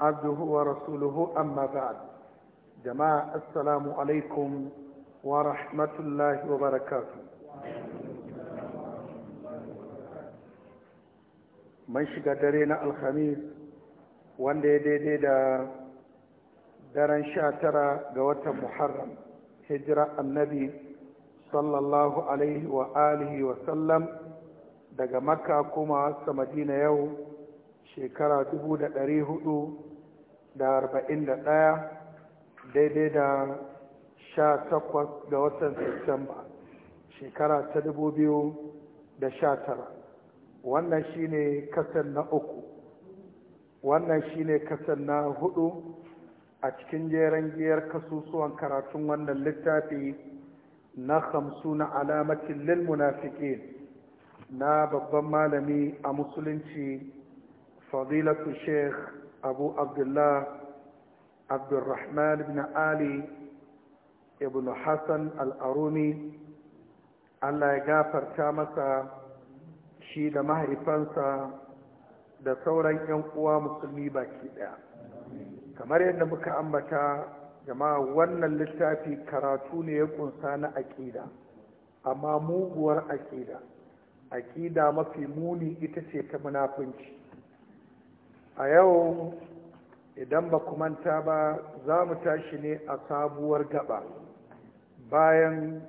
عبده ورسوله jama'a بعد جماعة السلام عليكم ورحمة الله وبركاته من shiga dare na alhamis wanda ya daidai da daren sha tara ga watan muharram hijira annabi sallallahu daga maka kuma sa madina yau shekara dubu da ɗari hudu da arba'in da ɗaya daidai da sha takwas ga watan Satumba shekara ta dubu biyu da sha tara wannan shi ne kasan na uku wannan shi ne kasan na hudu a cikin jeren giyar kasusuwan karatun wannan littafi na hamsu na alamatin lilmunafiki na babban malami a musulunci fadilatu sheikh أبو عبد الله Ali, الرحمن Hassan علي ابن Allah ya gafarta masa shi da mahaifansa da sauran 'yan uwa musulmi baki ɗaya. Kamar yadda muka ambata jama'a wannan littafi karatu ne ya ƙunsa na aƙida, amma muguwar aƙida. Aƙida mafi muni ita ce ta munafunci. a yau idan ba manta ba za mu tashi ne a sabuwar gaba bayan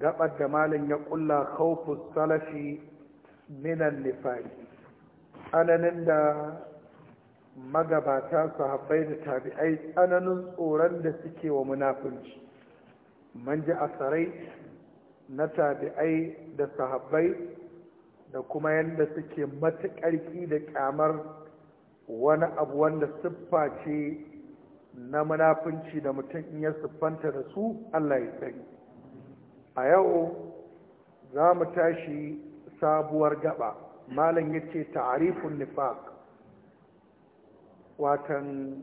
gabar da malin ya kulla khawfus salafi minan nifaqi ananin da magabata sahabbai da tabi'ai tsananin tsoron da suke wa munafunci man ji asarai na tabi'ai da sahabbai da kuma yadda suke matuƙarki da ƙyamar wani abu wanda siffa ce na munafunci da mutum in ya siffanta da su Allah ya tsari a yau za mu tashi sabuwar gaba malam ya ce ta'arifun nifaq watan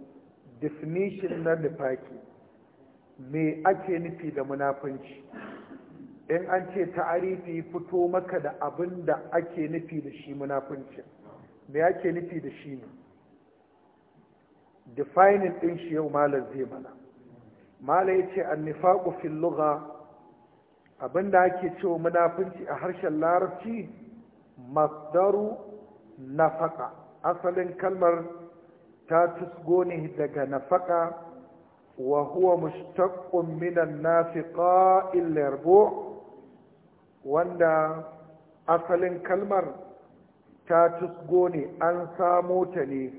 definition na nifaki me ake nufi da munafunci in an ce ta'arifi fito maka da abin da ake nufi da shi munafuncin me ake nufi da shi ne defining din shi yau malam zai mana malam yace annifaqu fil lugha abinda ake cewa munafunci a harshen larabci masdaru nafaka asalin kalmar ta tusgo ne daga nafaka wa huwa mushtaqqun min an-nafiqa wanda asalin kalmar ta tusgo ne an samo ta ne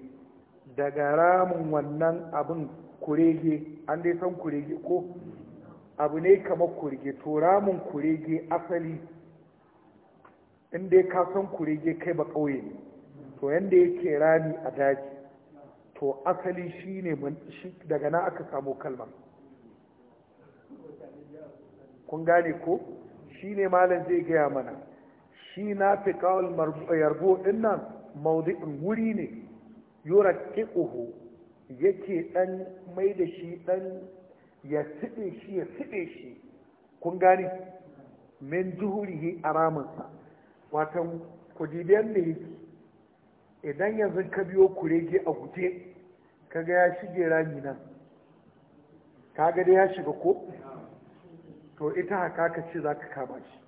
daga ramin wannan abin kurege an dai san kurege ko abu ne kamar kurege to ramin kurege asali in dai ka san kurege kai ba ƙauye ne to yadda yake rami a daji to asali shi ne daga na aka samu kalma kun gane ko shi ne malam zai gaya mana shi na fi kawal yarbo ɗin nan maudu'in wuri ne yurattiquhu yake dan mai da shi dan ya tsibe shi ya tsibe shi kun gane min juhurihi aramansa watan kudibiyan da yake idan yanzu ka biyo kurege a guje kaga ya shige rami nan kaga dai ya shiga ko to ita haka ka ce za ka kama shi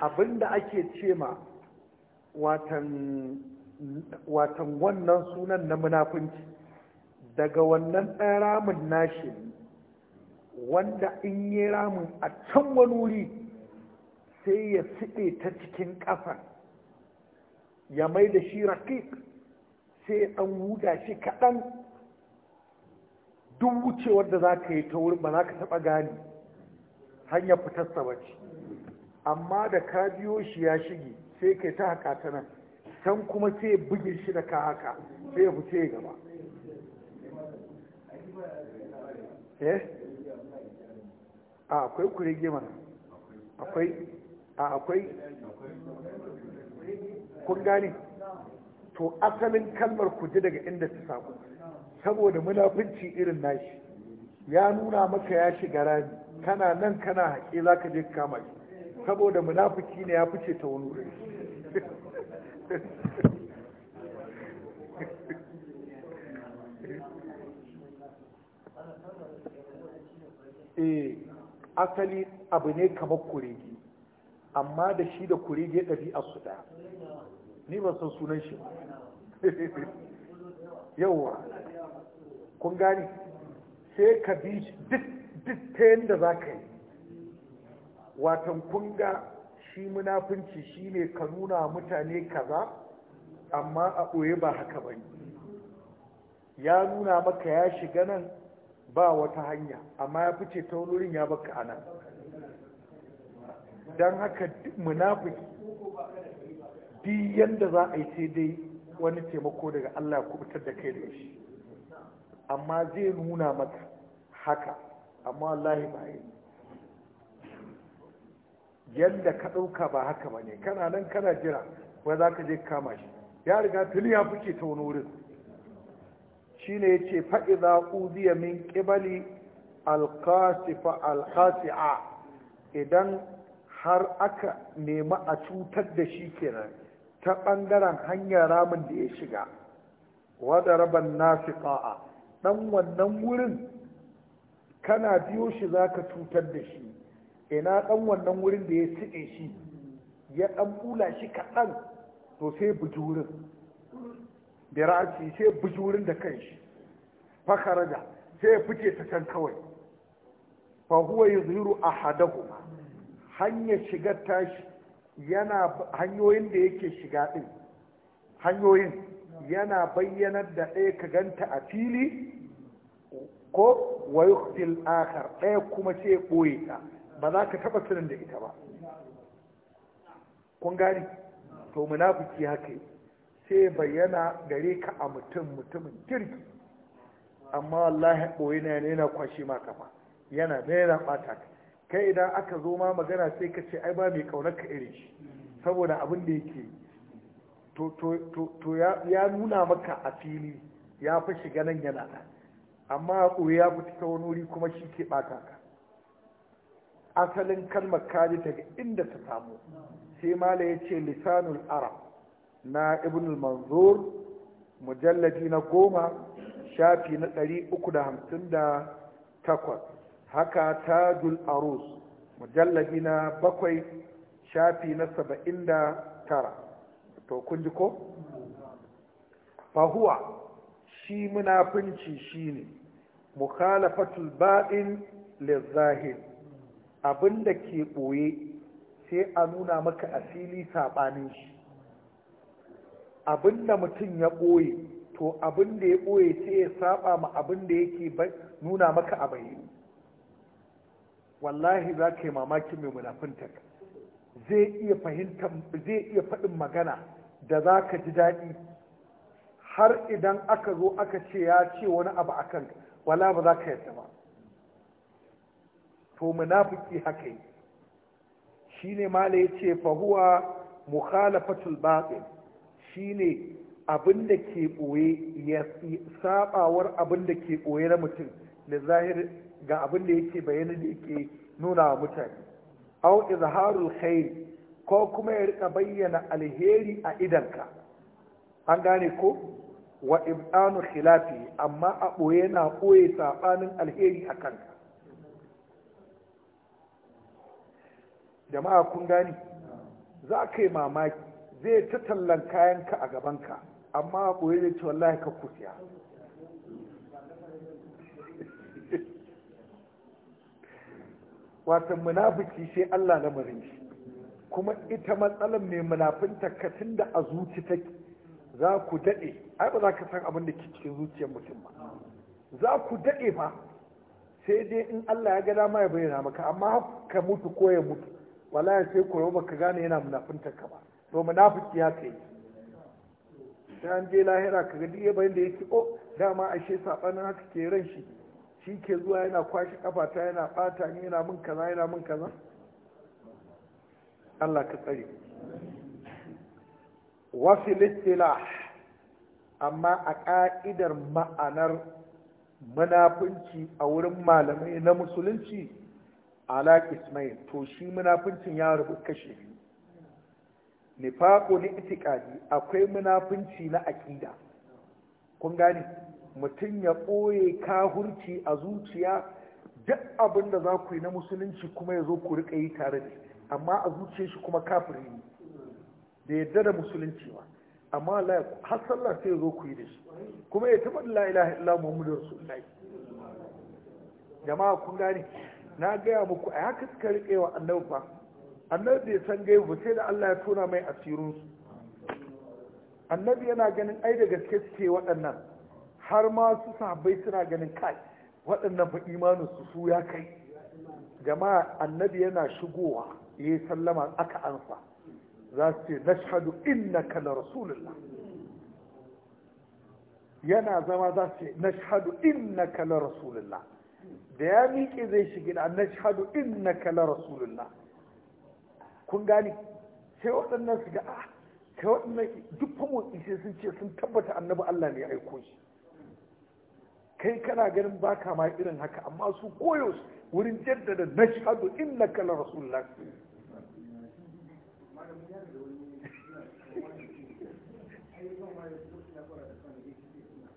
abinda ake ce watan watan wannan sunan na munafunci daga wannan ɗan ramin nashi wanda in yi ramin a can wani wuri sai ya siɗe ta cikin ƙafa ya mai da shi raƙiƙ sai ya ɗan huda shi kaɗan duk wucewar da za ka yi ta wurin ba za ka taɓa gani hanyar fitarsa ba ce amma da ka biyo shi ya shige sai kai ta haƙa ta nan can kuma sai buge shi da ka haka sai ya fice gaba eh a akwai kurege mana akwai a akwai kun gane to asalin kalmar ku ji daga inda ta samu saboda munafunci irin nashi ya nuna maka ya shiga rami kana nan kana haƙe za ka je kama shi saboda munafiki ne ya fice ta wani wuri eh asali abu ne kamar kurege amma da shi da kurege ɗabi'a su ni ba san sunan shi ba kun gani sai ka bi duk ta da za ka yi watan kunga shi munafunci ne ka nuna mutane kaza amma a ɓoye ba haka ba ya nuna maka ya shiga nan ba wata hanya amma ya fice ta wurin ya baka ana don haka munafiki duk yadda za a yi sai dai wani taimako daga Allah ya kubutar da kai da shi amma zai nuna maka haka amma wallahi ba yi yadda ka ɗauka ba haka ba ne kana nan kana jira wai za ka je kama shi ya riga tuni ya fice ta wani wurin shi ne ya ce fa'iza uziya min ƙibali alƙasifa alƙasi'a idan har aka nema a cutar da shi kenan ta ɓangaren hanyar ramin da ya shiga wadda raban nasi ƙa'a ɗan wannan wurin kana biyo shi za ka cutar da shi ina ɗan wannan wurin da ya siɗe shi ya ɗan bula shi kaɗan to sai buji wurin da ra'aci sai buji da kan shi fakaraja sai ya fice ta can kawai fa huwa yuzhiru ahadahuma hanyar shigar tashi yana hanyoyin da yake shiga din hanyoyin yana bayyanar da ɗaya ka ganta a fili ko wa yukhtil akhar ɗaya kuma sai ya ɓoye ta ba za ka taba sanin da ita ba kun gani to munafiki haka sai bayyana gare ka a mutum mutumin kirki amma wallahi boye na yana yana kwashe ma kafa yana da yana bata ka kai idan aka zo ma magana sai ka ce ai ba mai kaunar ka irin shi saboda abin da yake to to to to ya nuna maka a fili ya fi shiga nan yana amma koyi ya fita ta wani wuri kuma shi ke bata ka asalin kalmar kaji daga inda ta samu sai mala ya ce lisanul arab na ibn manzur mujalladi na goma shafi na ɗari uku da hamsin haka tajul arus mujalladi na bakwai shafi na saba'in to kun ji ko fahuwa shi munafunci shine mukhalafatul baɗin lizzahir abin da ke ɓoye sai a nuna maka asili saɓanin shi abin da mutum ya ɓoye to abin da ya ɓoye sai ya saɓa ma abin da yake nuna maka a bayyane wallahi za ka yi mamakin mai munafinta zai iya fahimtar, zai iya faɗin magana da za ka ji daɗi har idan aka zo aka ce ya ce wani abu akan wala ba za ka yadda ba to munafiki haka yi Shi ne mala yace ce fahuwa mukhalafatul shi shine abin da ke ɓoye ya saɓawar abin da ke ɓoye na mutum da zahir ga abin da yake bayanin da yake nuna wa mutane au izharul khair ko kuma ya rika bayyana alheri a idanka an gane ko wa ibanu khilafi amma a ɓoye na ɓoye saɓanin alheri a kanka jama'a kun gani za ka yi mamaki zai ta tallan kayanka a gabanka amma a ɓoye zai ce wallahi ka kusiya wasan munafiki sai Allah na marin shi kuma ita matsalar mai munafinta ka da a zuci take za ku daɗe ai ba za ka san abin da ke cikin zuciyar mutum ba za ku daɗe ba sai dai in Allah ya ga dama ya bayyana maka amma ka mutu ko ya mutu wallahi sai koyo ka gane yana munafintar ka ba to munafiki ya kai sai an je lahira ka ga duk bayan da yake oh dama ashe sabanin haka ke ran shi shi ke zuwa yana kwashi kafata yana bata ni yana min kaza yana min kaza Allah ka tsare wasu littila amma a ƙa'idar ma'anar munafunci a wurin malamai na musulunci ala ismail to shi munafincin ya rubu kashe biyu nifaqo ni itikadi akwai munafinci na aqida kun gane mutum ya ɓoye kahurci a zuciya duk abin da za ku yi na musulunci kuma ya zo ku riƙa yi tare da amma a zuciya shi kuma kafiri ne da yadda da musulunci ba amma har sallah sai ya zo ku yi da shi kuma ya taɓa la ilaha illa muhammadu rasulullahi jama'a kun gane na gaya muku a haka suka riƙe wa annabi ba annabi bai san ba sai da Allah ya tona mai asirin su annabi yana ganin ai da gaske suke waɗannan har ma su sahabbai suna ganin kai waɗannan fa imanin su su ya kai jama'a annabi yana shigowa ya yi sallama aka ansa za su ce nashhadu innaka la rasulullah yana zama za su ce nashhadu innaka la rasulullah da ya miƙe zai shiga na in na kala rasulullah kun gane sai waɗannan su ga a ah, kai waɗannan duk famotsi sai sun ce sun tabbata annabi Allah ne ya aiko shi kai kana ganin baka ma irin haka amma su koyo wurin jaddada in na kala rasulullah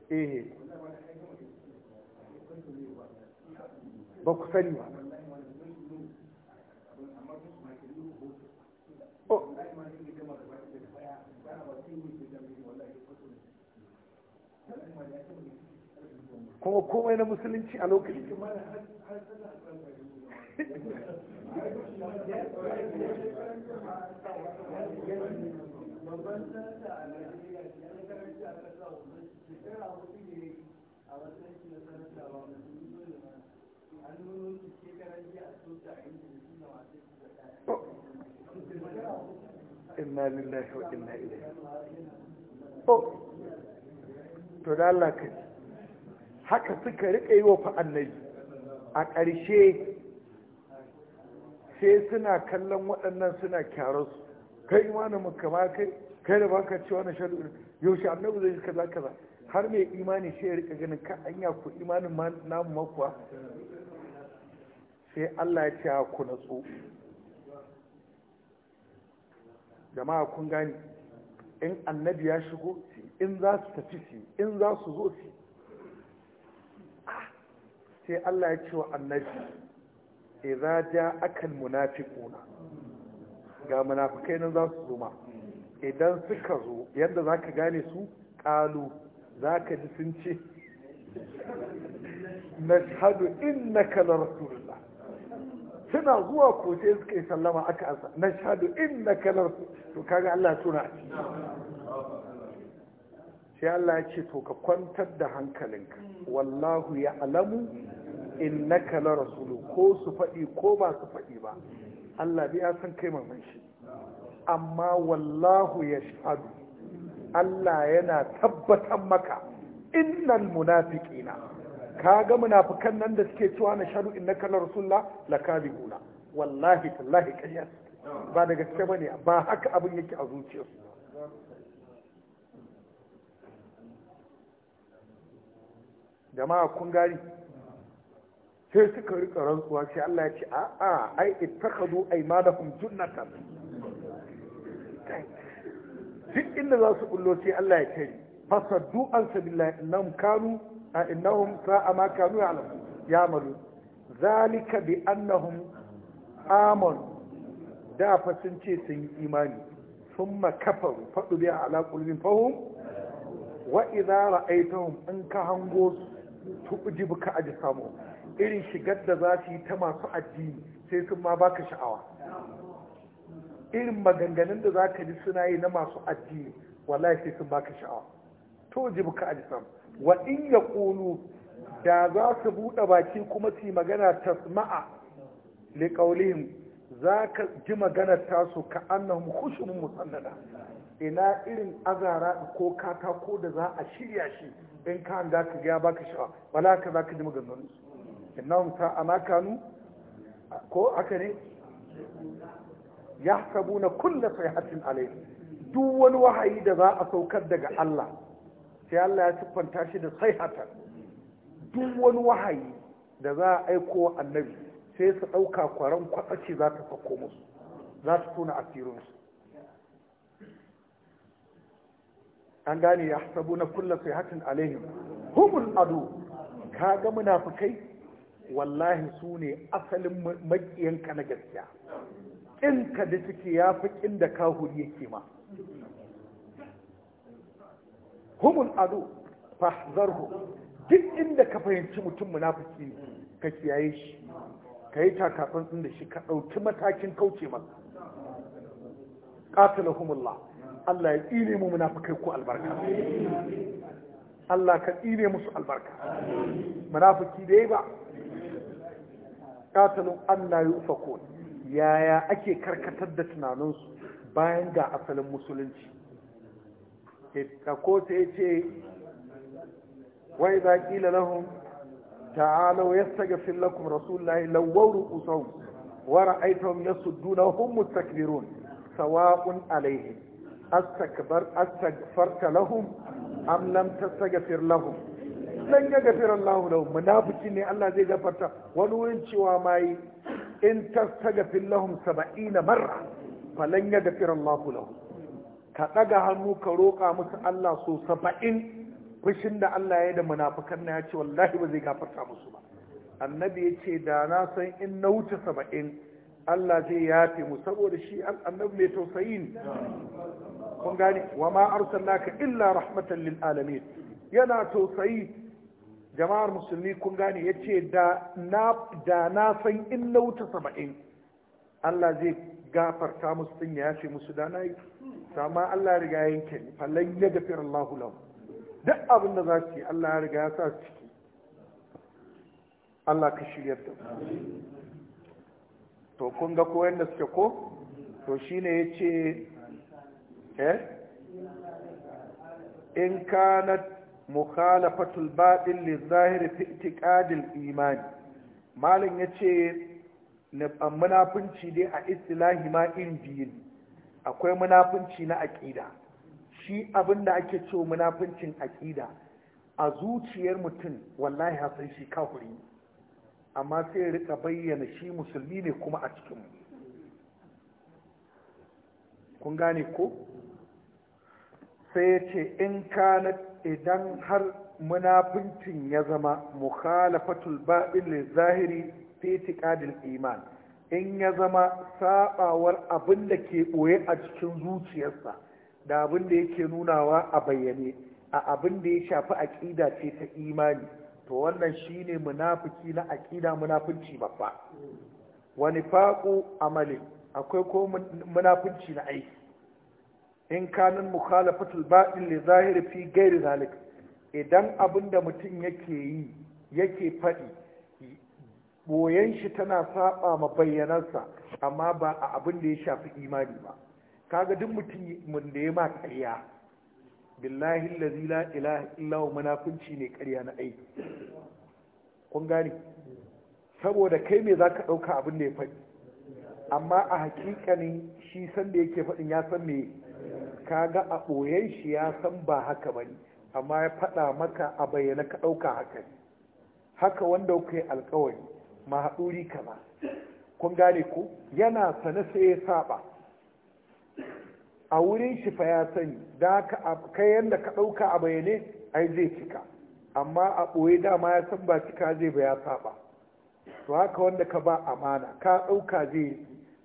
eh ba ku sani ba kuma komai na musulunci a lokacin a inna lillahi wa inna ilaihi to oh. to da Allah ka haka suka rike yi wa fa annabi a ƙarshe sai suna kallon waɗannan suna su kai imanin makama kai kai da baka cewa na shaɗu yaushe annabi zai kaza kaza har mai imani sai ya rika ganin ka anya ku imanin namu makuwa sai Allah ya ce ku natsu jama'a kun gani in annabi ya shigo in za su tafi shi, in za su zo shi. sai Allah ya ce wa annabi idza ja'akal munafiquna ga munafikai nan za su zo ma idan suka zo yadda ka gane su za ka ji sun ce nashhadu innaka la rasulullah suna zuwa kote suka yi sallama aka ansa na shahadu inna kalar to kaga Allah Tuna a ciki sai Allah ya ce to ka kwantar da hankalinka wallahu ya alamu innaka la rasulu ko su faɗi ko ba su faɗi ba Allah bi ya san kai mamman shi amma wallahu ya shahadu Allah yana tabbatar maka innal munafiqina ka ga munafikan nan da suke cewa na sharu innaka la rasulullah lakadibuna wallahi tallahi ƙarya ba da gaske bane ba haka abin yake a zuciyarsu jama'a kun gari sai suka rika rantsuwa sai Allah ya ce a a ai ittakhadhu aymanahum junnatan duk inda za su bullo sai Allah ya ce fasaddu an sabilillah innahum kanu إنهم ساء ما كانوا يعلمون يعملون ذلك بأنهم آمنوا da fa sun ce sun yi imani sun makafaru faɗu biya ala ƙulmin fahim wa idza ra'aytahum in ka hango su tujibu ka aji samu irin shigar da za su yi ta masu addini sai sun ma baka sha'awa irin maganganun da za ka ji suna yi na masu addini wallahi sai sun baka sha'awa tujibu ka aji samu wa in ya kulu da za su buɗe baki kuma su yi magana tasma'a liƙaulihim za ka ji ta su ka annahum khushumun musannada ina irin azara ko katako da za a shirya shi in ka hanga ka ga baka shawa wala ka za ka ji maganganun su innahum sa'a kanu ko aka ne Ya yahsabuna kullu sayhatin alayhi duk wani wahayi da za a saukar daga Allah sai Allah ya siffanta shi da saihatan duk wani wahayi da za a aiko wa annabi sai su dauka kwaran kwatsaci za ta sako musu za su asirin su an gane ya sabu na kulla sai hatin alaihim humul adu ka ga munafukai wallahi su ne asalin makiyanka na gaskiya in ka da suke ya fi inda kahuri yake ma humul adu fahzarhu duk inda ka fahimci mutum munafiki ne ka kiyaye shi ka yi takatsantsin da shi ka ɗauki matakin kauce masa qatalahumullah Allah ya tsine mu munafikai ko albarka Allah ka tsine musu albarka munafiki da ba qatalun Allah yufakun yaya ake karkatar da tunaninsu bayan ga asalin musulunci ko sai ce wai zaƙi ƙila lahun ta'alau ya saga fillakun rasulullahi lawar rukusau wara aitahun ya sudduna hun mustakbirun sawa'un alaihi astagfarta lahum am lam tastaghfir lahum lan yaghfir Allah lahum munafiki ne Allah zai gafarta wani wurin cewa mai in ta tastaghfir lahum 70 marra falan yaghfir Allah lahum ka ɗaga hannu ka roƙa musu Allah so saba'in fushin da Allah ya da munafukan na ya ce wallahi ba zai gafarta musu ba annabi ya ce da na san in na wuce saba'in Allah zai yafe mu saboda shi annabi mai tausayi ne kun gane wa ma arsalnaka illa rahmatan lil alamin yana tausayi jama'ar musulmi kun gane ce da na da na san in na wuce saba'in Allah zai gafarta musu din ya yafe musu da na yi to amma Allah ya riga yanke ni fallai ya gafira Allahu lahu duk abin da za su yi Allah ya riga ya sa su ciki Allah ka shirya da to kun ga ko yanda suke ko to shine yace eh in kanat mukhalafatul batil li zahir fi itiqadil iman malin yace munafunci dai a istilahi ma in biyin akwai munafunci na aƙida shi abin da ake cewa munafuncin aƙida a zuciyar mutum wallahi hasan shi kafuri amma sai ya rika bayyana shi musulmi ne kuma a cikin kun gane ko sai ya ce in kana idan har munafuncin ya zama mukhalafatul ba'il lil zahiri fi iman in ya zama saɓawar abin da ke ɓoye a cikin zuciyarsa da abin da yake nunawa a bayyane a abin da ya shafi aƙida ce ta imani to wannan shine munafiki na aƙida munafunci babba wani faƙo amalin akwai ko munafunci na aiki in kanin mukhalafatul baɗin li zahiri fi gairi zalik idan abin da mutum yake yi yake faɗi boyen shi tana saba ma bayyanarsa amma ba a abin da ya shafi imani ba kaga duk mutumin da ya ma ƙarya billahi allazi la ilaha illa huwa munafunci ne ƙarya na aiki kun gane saboda kai me zaka dauka abin da ya faɗi amma a hakikanin shi san da yake faɗin ya san me kaga a boyen shi ya san ba haka bane amma ya faɗa maka a bayyana ka dauka haka haka wanda kai alƙawari mahaɗuri kama kun gane ku yana sane sai ya saba a wurin shi fa ya sani da ka yanda ka ɗauka a bayane ai zai cika amma a ɓoye dama ya san ba cika zai ba ya saba to haka wanda ka ba amana ka ɗauka zai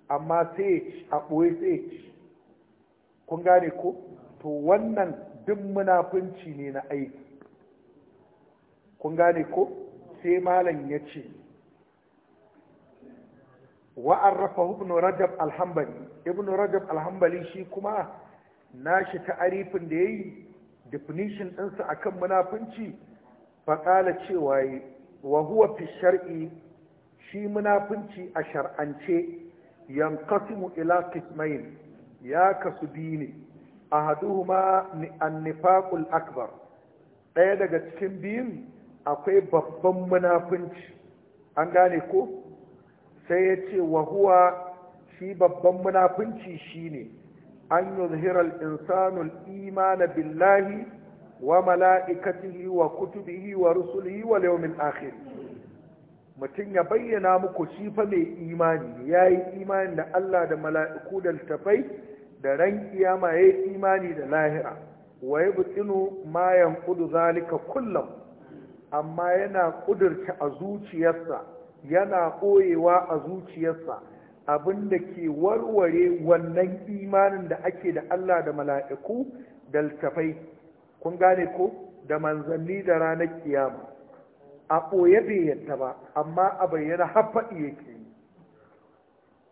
amma sai a ɓoye sai kun gane ko to wannan duk munafunci ne na aiki kun gane ko sai malam ya ce wa'arrafa ibn rajab alhambali ibn rajab alhambali shi kuma nashi ta'arifin da ya yi definition ɗinsa akan kan munafunci faƙala cewa yi wa huwa fi shar'i shi munafunci a shar'ance yankasimu ila kismain ya kasu biyu ne a haduhuma annifaƙul akbar ɗaya daga cikin biyun akwai babban munafunci an gane ko sai ya ce wa huwa shi babban munafunci shine an yi zahirar insanul imanin imana billahi wa mala'ikatihi wa kutubihi wa rusulihi wa yawmil akhir mutum ya bayyana muku shi fa mai imani ya yi imani da Allah da mala'iku da tafai da ran kiyama yi imani da lahira wa yabtinu mayan ƙudu zalika kullum amma yana kudurta a zuciyarsa yana ɓoyewa a zuciyarsa abin da ke warware wannan imanin da ake da Allah da mala'iku da littafai kun gane ko da manzanni da ranar kiyama a ɓoye bayyanta yadda ba amma a bayyana haɓaɗi yake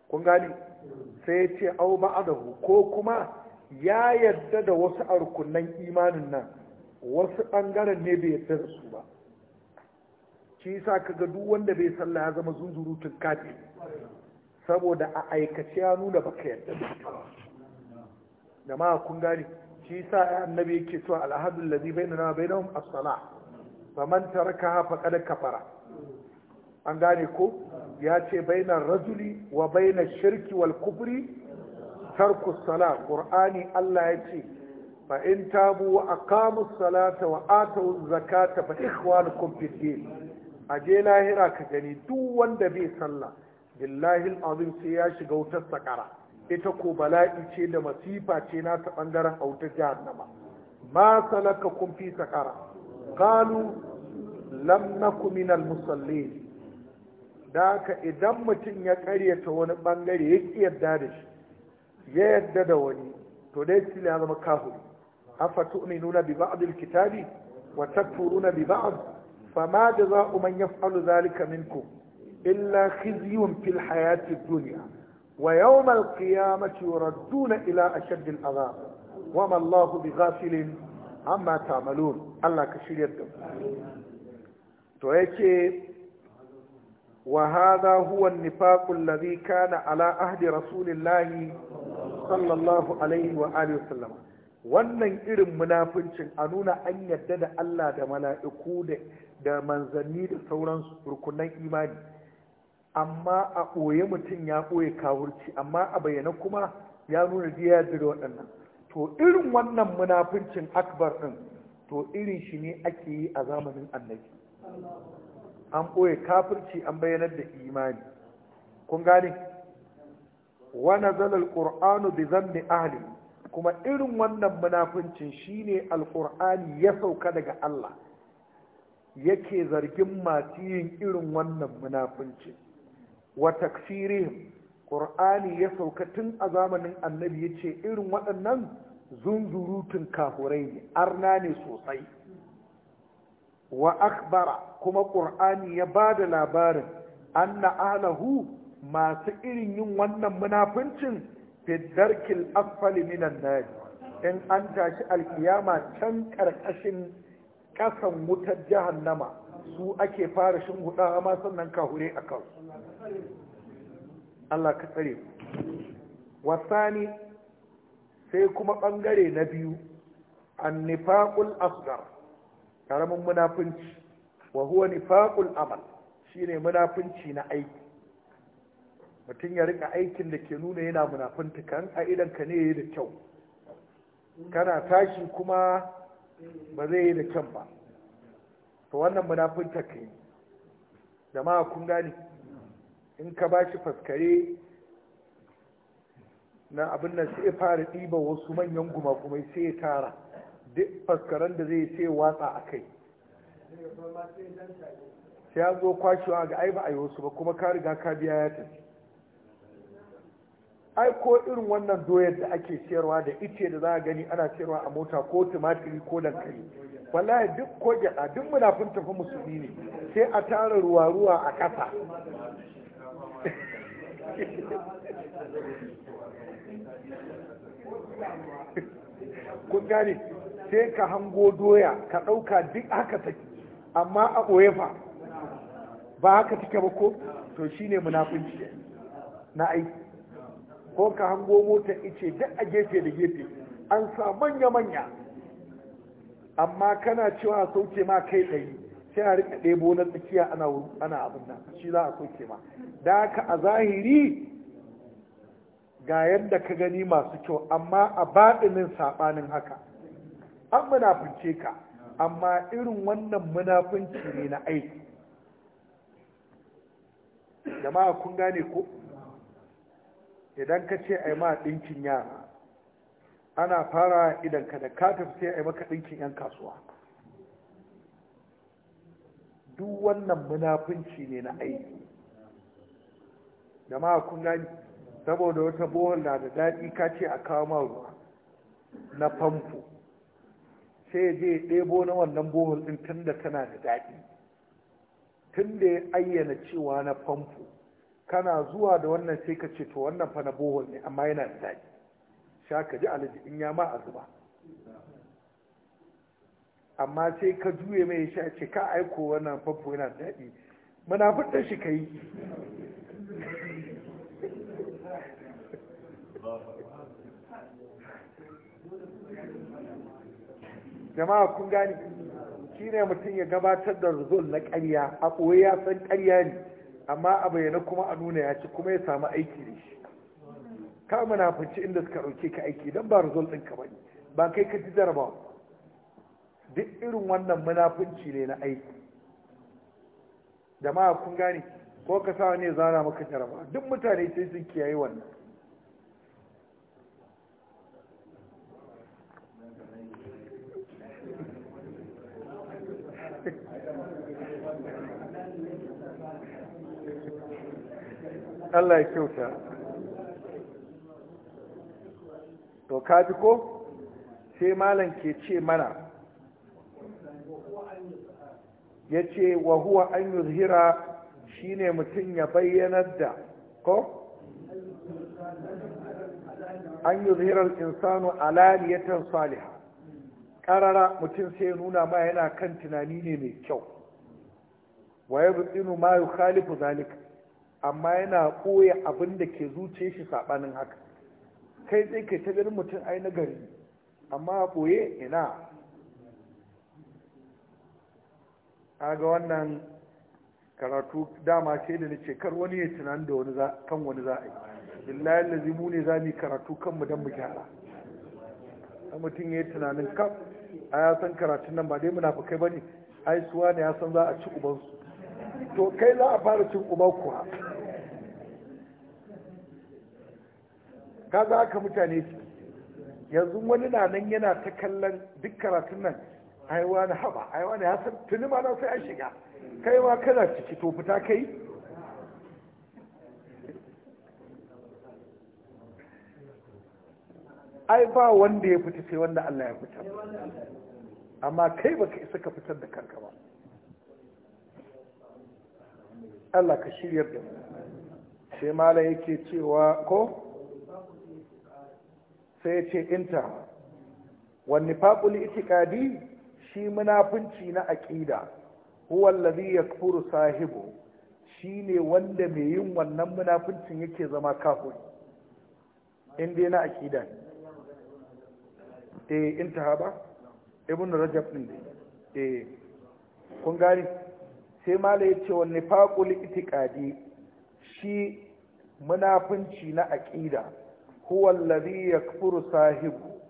kun gane sai ya ce au ma'adahu ko kuma ya yadda da wasu arkunan imanin nan wasu ɓangaren ne bai yarda da su ba shi yasa kaga duk wanda bai sallah ya zama zunzurutun kafi saboda a aikace ya nuna baka yadda da ma kun gane shi yasa annabi yake cewa alhadul ladhi bainana wa bainahum as-salah faman tarakaha faqad kafara an gane ko ya ce bainar rajuli wa bainar shirki wal kufri tarku sala qur'ani Allah ya ce fa in tabu wa aqamu salata wa atu zakata fa ikhwanukum fid din a je lahira ka gani duk wanda bai sallah billahi azim sai ya shiga wutar sakara ita ko bala'i ce da masifa ce na ta bangaren autar jahannama ma salaka kun fi sakara qalu lam naku minal musallin da haka idan mutum ya karyata wani bangare ya ki yadda da shi ya yadda da wani to dai shi ya zama kafiri afa tu'minuna bi ba'd al-kitabi wa takfuruna bi ba'd فما جزاء من يفعل ذلك منكم إلا خزي في الحياة الدنيا ويوم القيامة يردون إلى أشد العذاب وما الله بغافل عما تعملون الله كشير يدهم تويكي وهذا هو النفاق الذي كان على عهد رسول الله صلى الله عليه وآله وسلم wannan irin munafincin a nuna an yadda da Allah da mala'iku da da manzanni da sauransu rukunan imani amma a ɓoye mutum ya ɓoye kawurci amma a bayyana kuma ya nuna jiya da waɗannan to irin wannan munafincin akbar ɗin to irin shi ne ake yi a zamanin annabi an ɓoye kafirci an bayyanar da imani kun gane wani zalar ƙur'anu zan zanni ahli kuma irin wannan munafincin ne alƙur'ani ya sauka daga Allah yake zargin masu yin irin wannan munafunci wa taksirihim qur'ani ya sauka tun a zamanin annabi yace irin waɗannan zunzurutun kafurai ne arna ne sosai wa akbara kuma qur'ani ya bada labarin anna ahlahu masu irin yin wannan munafuncin fi darkil asfali minan nar in an tashi alkiyama can ƙarƙashin. kasan wutar nama su ake fara guda ma sannan kahure a kan Allah ka tsare wasani sai kuma ɓangare na biyu annifaqul asghar karamin ƙaramin wa huwa nifaqul amal shine munafunci na aiki mutum ya rika aikin da ke nuna yana munafuntukan a idan ka ne da kyau kana tashi kuma ba zai yi da kyan ba to wannan munafinta ka yi jama'a kun gane in ka ba shi faskare na abin nan sai fara ɗiba wasu manyan gumagumai sai ya tara duk faskaren da zai sai watsa a kai sai ya zo kwashewa ga ai ba a yi wasu ba kuma ka riga ka biya ya tafi ai ko irin wannan doyar da ake sayarwa da ice da za a gani ana sayarwa a mota ko tumatiri ko dankali wallahi duk ko gyada duk munafin tafi musulmi ne sai a tara ruwa-ruwa a ƙasa kun gane sai ka hango doya ka ɗauka duk haka take amma a ɓoye fa ba haka take ba ko to shine munafunci na aiki ko ka hango mota ice duk a gefe da gefe an sa manya-manya amma kana cewa a sauke ma kai ɗari sai a rika ɗebo na tsakiya ana ana abin nan shi za a sauke ma da haka a zahiri ga yadda ka gani masu kyau amma a baɗinin saɓanin haka an munafunce ka amma irin wannan munafunci ne na aiki jama'a kun gane ko idan ka ce ai ma ɗinkin yara ana fara idan ka da ka tafi sai ai maka ɗinkin 'yan kasuwa duk wannan munafunci ne na aiki ma kun gani saboda wata bohol na da daɗi ka ce a kawo ma ruwa na famfo sai je ɗebo na wannan bohol ɗin tun da tana da daɗi Tunda ya ayyana cewa na famfo kana zuwa da wannan sai ka ce to wannan fa na bohol ne amma yana da daɗi sha ka ji alaji in ya ma a zuba amma sai ka juye mai sha ce ka aiko wannan famfo yana da daɗi muna fita shi ka yi jama'a kun gani shi ne mutum ya gabatar da rizol na ƙarya a ɓoye ya san ƙarya ne amma a bayyana kuma a nuna ya ci kuma ya samu aiki da shi ka munafunci inda suka ɗauke ka aiki don ba result ɗin ka bane ba kai ka ci jarabawa duk irin wannan munafunci ne na aiki jama'a kun gane ko ka sa ne zana maka jaraba? duk mutane sai sun kiyaye wannan Allah ya kyauta to kaji ko sai malam ke ce mana ya ce wa huwa an yuzhira shine mutum ya bayyanar da ko an yuzhirar insanu alaniyatan saliha karara mutum sai ya nuna ma yana kan tunani ne mai kyau wa ya ma yukhalifu zalika amma yana koya abin da ke zuce shi saɓanin haka kai tsaye ka taɓa yin mutum ai na gari amma ɓoye ina ga wannan karatu dama ce da nace kar wani ya tunan da wani kan wani za a yi billahi lazi mu ne za mu karatu kanmu don mu gyara a mutum ya yi tunanin kaf a ya san karatun nan ba dai munafukai ba ne ai suwa ne ya san za a ci ubansu to kai za a fara cin uba kuwa kaga haka mutane su yanzu wani na nan yana ta kallon duk karatun nan aiwa na haba aiwa na ya tuni ma sai an shiga kai ma kana ciki to fita kai ai ba wanda ya fita sai wanda Allah ya fita amma kai baka isa ka fitar da kanka ba Allah ka shiryar da mu sai malam yake cewa ko sai ya ce inta wani faƙuli itikadi shi munafunci na aƙida huwa allazi yakfuru sahibu shine wanda mai yin wannan munafuncin yake zama kafiri in dai na aƙida eh intaha ba ibn rajab din ne. eh kun gani sai mala ya ce wani faƙuli itikadi shi munafunci na aƙida huwa alladhi yakfuru sahibu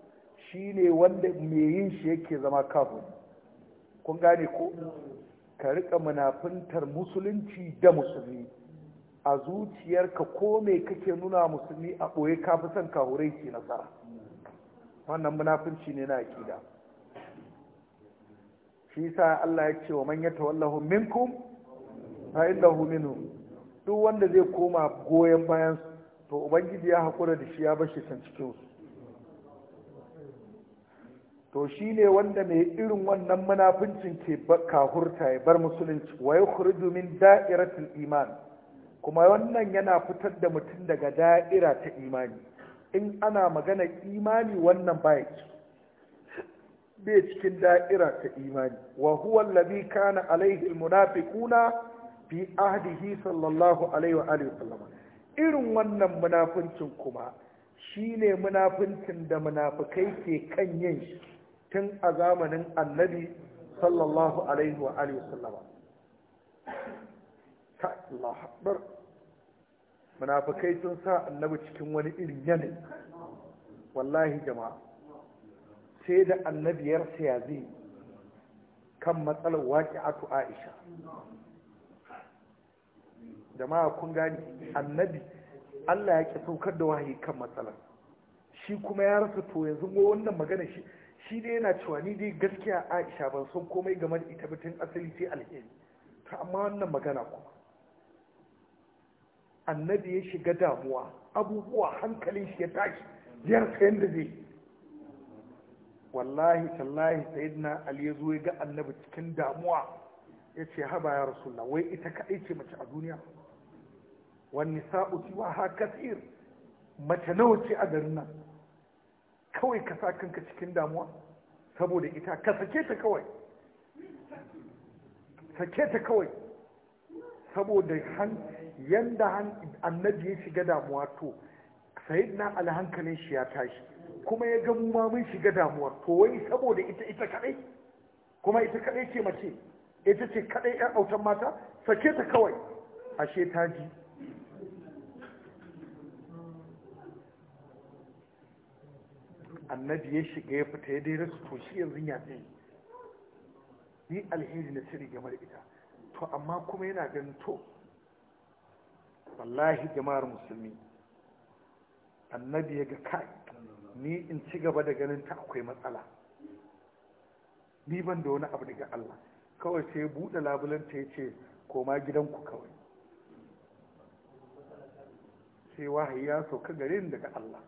shine wanda mai yin shi yake zama kafir kun gane ko ka rika munafuntar musulunci da musulmi a zuciyarka ko me kake nuna musulmi a ɓoye kafin son kahurai ke nasara wannan munafunci ne na akida shi sa Allah ya ce wa man yatawallahu minkum fa innahu minhum duk wanda zai koma goyen bayan su to ubangiji ya haƙura da shi ya bashi can cikin su to shi ne wanda mai irin wannan munafincin ke kahurta ya bar musulunci wa ya min da'iratul iman kuma wannan yana fitar da mutum daga da'ira ta imani in ana magana imani wannan baya ci bai cikin da'ira ta imani wa huwa allazi kana alaihi almunafiquna fi ahdihi sallallahu alaihi wa alihi irin wannan munafuncin kuma shi ne munafincin da munafikai ke kan yin shi tun a zamanin annabi sallallahu alaihi wa sallama ta sun sa annabi cikin wani irin yanayi wallahi jama'a sai da annabiyarsa ya zai kan matsalar waƙi aisha jama'a kun gani annabi Allah ya saukar da wahayi kan matsalar shi kuma ya rasa to yanzu ko wannan magana shi shi dai yana cewa ni dai gaskiya Aisha ban san komai game da ita batun asali sai alheri to amma wannan magana kuma annabi ya shiga damuwa abubuwa hankalin shi ya tashi ya rasa yanda zai wallahi tallahi sayyidina ali yazo ya ga annabi cikin damuwa yace haba ya rasulullah wai ita ka aike mace a duniya wani sa'uci wa ha kasir mace nawa ce a garin nan kawai ka sa kanka cikin damuwa saboda ita ka sake ta kawai sake ta kawai saboda yanda annabi ya shiga damuwa to sayidina alhankalin shi ya tashi kuma ya ga mu ma mun shiga damuwa to wai saboda ita ita kadai kuma ita kadai ce mace ita ce kadai yan autan mata sake ta kawai ashe ta ji annabi ya shiga ya fita ya dai rasu to shi yanzu ya tsaye ni alheri na sirri game da ita to amma kuma yana ganin to wallahi jama'ar musulmi annabi ya ga kai ni in ci gaba da ganin ta akwai matsala ni ban da wani abu daga Allah kawai sai buɗe ta ya ce koma gidanku kawai sai wahayi ya sauka gare ni daga Allah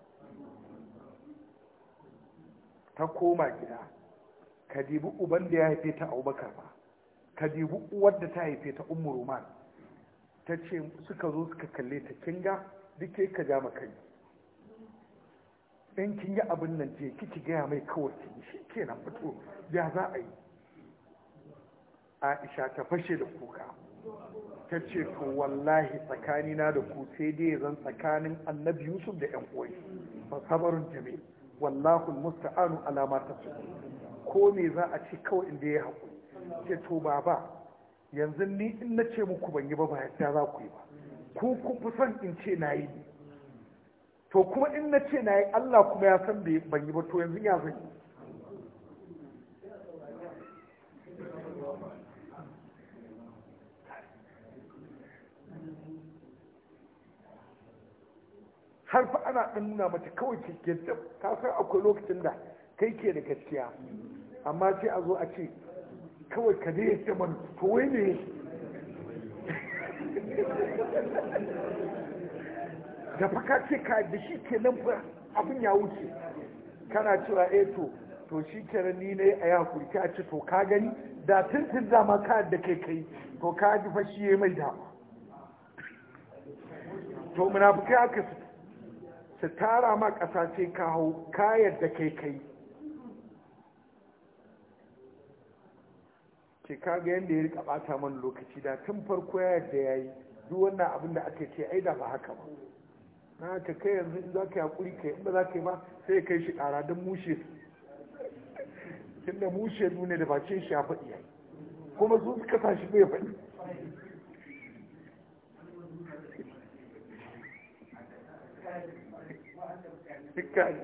ta koma gida ka dibi uban da ya haife ta abubakar ba ka dibi uwar da ta haife ta ummu roman ta ce suka zo suka kalle ta kinga duk ka ja kai in kin yi abin nan je kiki gaya mai kawai shi ke na fito ya za a yi aisha ta fashe da kuka ta ce to wallahi tsakanina da ku sai dai zan tsakanin annabi yusuf da yan uwai ba sabarin jami'a wallahu musta'anu ala ma ko me za a ci kawai inda ya haƙuri ce to baba yanzu ni in na ce muku ban yi ba ba yadda za ku yi ba ku ku fi son in ce na yi to kuma in na ce na yi Allah kuma ya san ban yi ba to yanzu ya zan yi har fa ana dan nuna mata kawai ke ta san akwai lokacin da kai ke da gaskiya amma sai a zo a ce kawai ka dai ya man to wai ne da fa ka ce ka da shi ke nan fa abin ya wuce kana cewa eh to to shi ke nan ni ne a yakuri ka ce to ka gani da tuntun dama ka da kai kai to ka ji fa shi mai dama to munafukai aka su ta tara ma ƙasa ce kawo kayar da kai kai ce kaga yadda ya rika ɓata man lokaci da tun farko ya yadda ya yi duk wannan abin da aka ce ai da ba haka ba na haka kai yanzu in za ka yi haƙuri kai in ba za ka yi ba sai kai shi ƙara don mushe tun da mushe nuna da bakin shi ya faɗi kuma su suka shi bai faɗi kai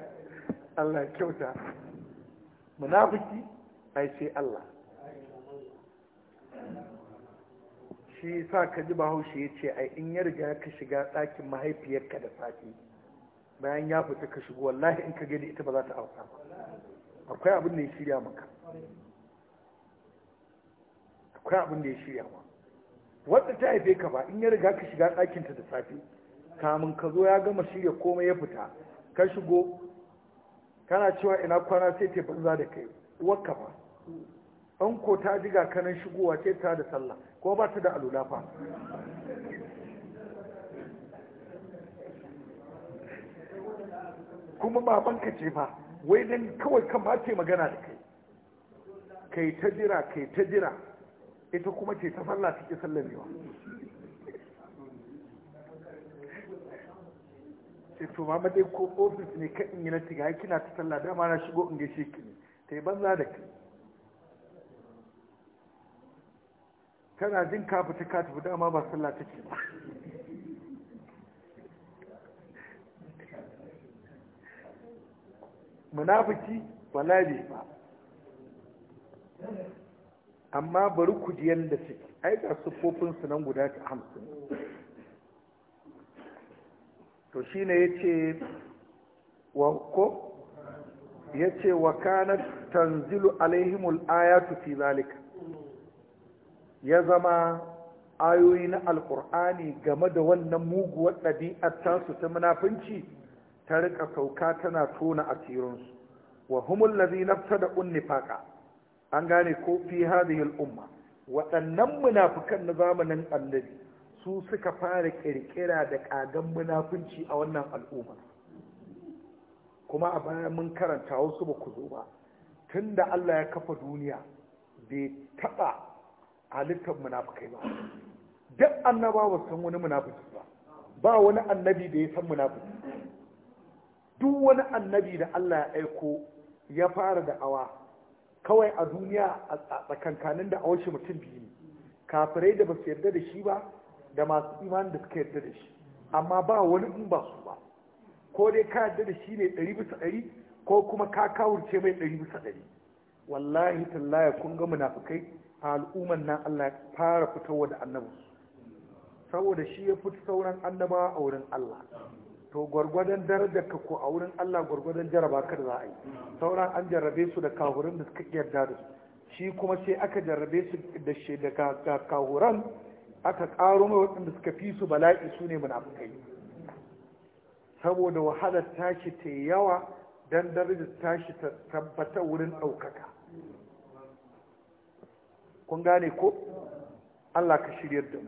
Allah kyauta munafiki ai sai Allah shi sa ka ji bahaushe ya ce ai in ya riga ka shiga ɗakin mahaifiyarka da safe bayan ya fita ka shigo wallahi in ka gani ita ba za ta auka ba akwai abin da ya shirya maka akwai abin da ya shirya ma wadda ta haife ka ba in ya riga ka shiga ɗakinta da safe kamun ka zo ya gama shirya komai ya fita ka shigo kana cewa ina kwana sai ta banza da kai wakka ba an ko ta jiga kanan shigowa sai ta da sallah ko ba ta da alula fa kuma babanka ce fa wai dan kawai kan ba ce magana da kai kai ta jira kai ta jira ita kuma ce ta sallah take sallamewa ce to ma dai ko ofis ne ka in na tiga kina ta sallah dama na shigo in gaishe ki ne ta yi banza da kai tana jin kafa ta ka da dama ba sallah take ba munafiki wallahi ba amma bari ku ji da suke ai ga sufofin su nan guda hamsin to shine yace wa ko yace wa kanat tanzilu alaihimul ayatu fi zalika ya zama ayoyi na alkur'ani game da wannan muguwar ɗabi'ar tasu ta munafunci ta rika sauka tana tona a tirinsu wa humul ladhi naftada unnifaqa an gane ko fi hadhihi al-umma waɗannan munafikan na zamanin annabi su suka fara kirkira da kagan munafunci a wannan al'umma kuma a baya mun karanta wasu ba ku zo ba tun da Allah ya kafa duniya bai taɓa halittar munafukai ba duk annabawa sun wani munafuki ba ba wani annabi da ya san munafuki duk wani annabi da Allah ya aiko ya fara awa, kawai a duniya a tsakankanin da awashi mutum biyu ne kafirai da ba su yarda da shi ba da masu imani da suka yarda da shi amma ba wani in ba su ba ko dai ka yarda da shi ne ɗari bisa ɗari ko kuma ka kawurce mai ɗari bisa ɗari wallahi tallaya kun ga munafukai a al'umman nan Allah ya fara fitowa da annabi saboda shi ya fito sauran annabawa a wurin Allah to gwargwadon darajar ka ko a wurin Allah gwargwadon jaraba ka da za a yi sauran an jarrabe su da kahurin da suka yarda da su shi kuma sai aka jarrabe su da shi daga kahuran aka ƙaro mai waɗanda suka fi su bala'i su ne munafukai saboda wahalar tashi ta yawa don darajar tashi ta tabbata wurin ɗaukaka kun gane ko Allah ka shiryar da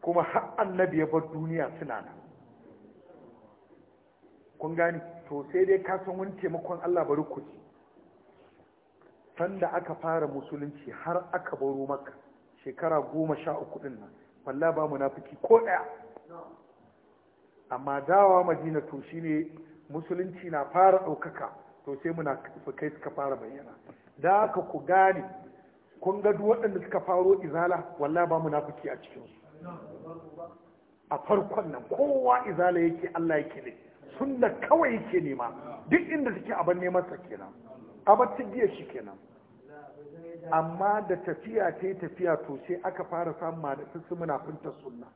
kuma har annabi ya bar duniya suna nan kun gane to sai dai ka san wani taimakon Allah bari ku sanda aka fara musulunci har aka baro maka shekara goma sha uku ɗin nan walla ba munafiki ko ɗaya amma dawa madina to shine musulunci na fara ɗaukaka to sai munafikai suka fara bayyana da haka ku gane kun ga duk waɗanda suka faro izala walla ba munafiki a cikin a farkon nan kowa izala yake Allah yake ne sunna kawai yake nema duk inda suke aban neman sa kenan abar tijiyar shi kenan amma da tafiya ta yi tafiya to sai aka fara samun malamin su muna funta sunna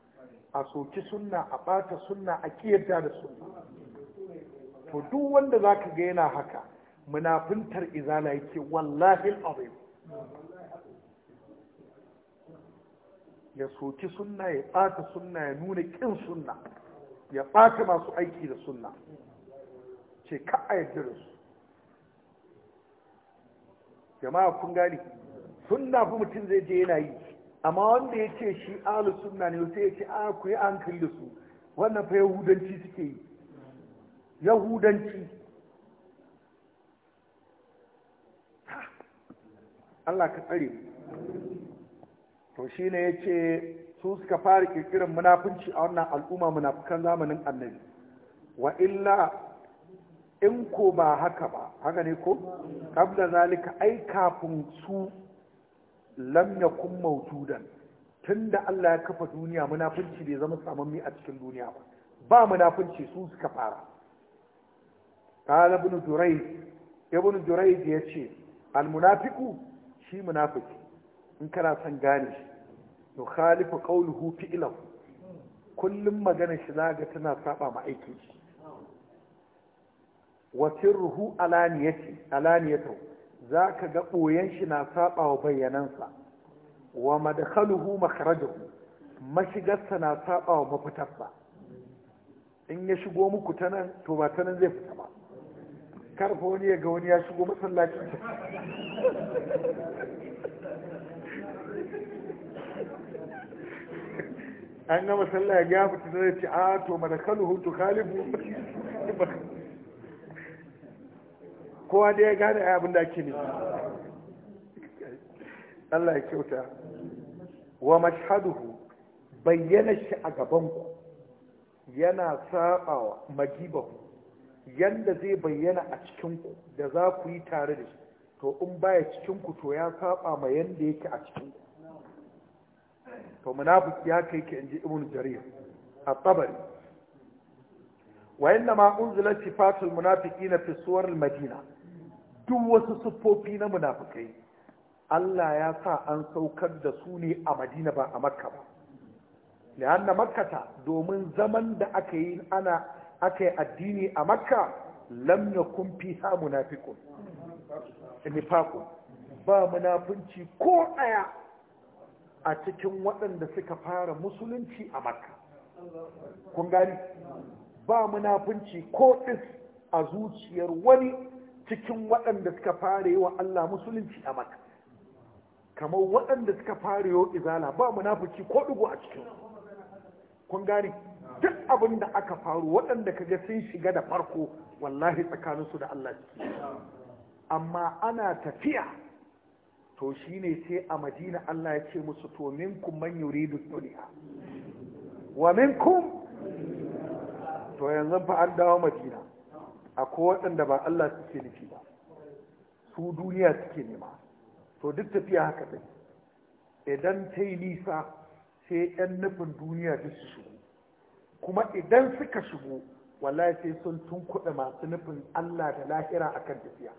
a soki sunna a bata sunna a kiyarta da sunna to duk wanda za ka ga yana haka munafuntar izala yake wallahi al'azim ya soki sunna ya bata sunna ya nuna kin sunna ya bata masu aiki da sunna ce ka a yarda da su jama'a kun gane sunna fa mutum zai je yana yi amma wanda ya ce shi alu sunna ne sai ya ce a ku yi an kalli su wannan fa yahudanci suke yi yahudanci Allah ka tsare to shine yace su suka fara kirkirar munafunci a wannan al'umma munafukan zamanin annabi wa illa in ko ba haka ba haka ne ko kabla zalika ai kafin su lam yakun mawjudan tunda Allah ya kafa duniya munafunci bai zama samammi a cikin duniya ba ba munafunci su suka fara qala ibn durayd ibn durayd yace al munafiqu shi munafiki in kana son gane shi to khalifu qawluhu fi'lahu kullum magana shi zaga tana saba ma aikin wa sirruhu alaniyati alaniyatu zaka ga boyen shi na saba wa bayyanansa wa madkhaluhu makhrajuhu mashigarsa na saba wa mafitarsa in ya shigo muku ta nan to ba ta nan zai fita ba karfa wani ya ga wani ya shigo masallaci an ga masallaci ya fita zai ce a ah, to madkhaluhu tukhalifu kowa da ya gane a abin da ake ne Allah ya kyauta wa mashaduhu bayyana shi a gabanku yana sabawa magibahu Yadda zai bayyana a cikinku da za ku yi tare da shi to in baya cikinku to ya saba ma yadda yake a cikinku to ya kai yake inji ibn jarir at-tabari wa inna ma unzila sifatul munafiqina fi suwar al-madina duk wasu siffofi na munafukai Allah ya sa an saukar da su ne a Madina ba a Makka ba lianna makkata domin zaman da aka yi ana aka yi addini a Makka lam yakun ha munafiqun ba munafunci ko ɗaya a cikin waɗanda suka fara musulunci a Makka kun gani ba munafunci ko ɗis a zuciyar wani cikin waɗanda suka fara yi wa Allah musulunci a maka kamar waɗanda suka fara yi izala ba munafiki ko ɗigo a cikin kun gane duk abin da aka faru waɗanda kaga sun shiga da farko wallahi tsakaninsu da Allah amma ana tafiya to shine sai a madina Allah ya ce musu to minkum man yuridu dunya wa minkum to yanzu fa an dawo madina akwai waɗanda ba Allah suke nufi ba su duniya suke nema to duk tafiya haka ɗin idan ta yi nisa sai 'yan nufin duniya duk su shigo kuma idan suka shigo wallahi sai sun tunkuɗa masu nufin Allah da lahira akan tafiya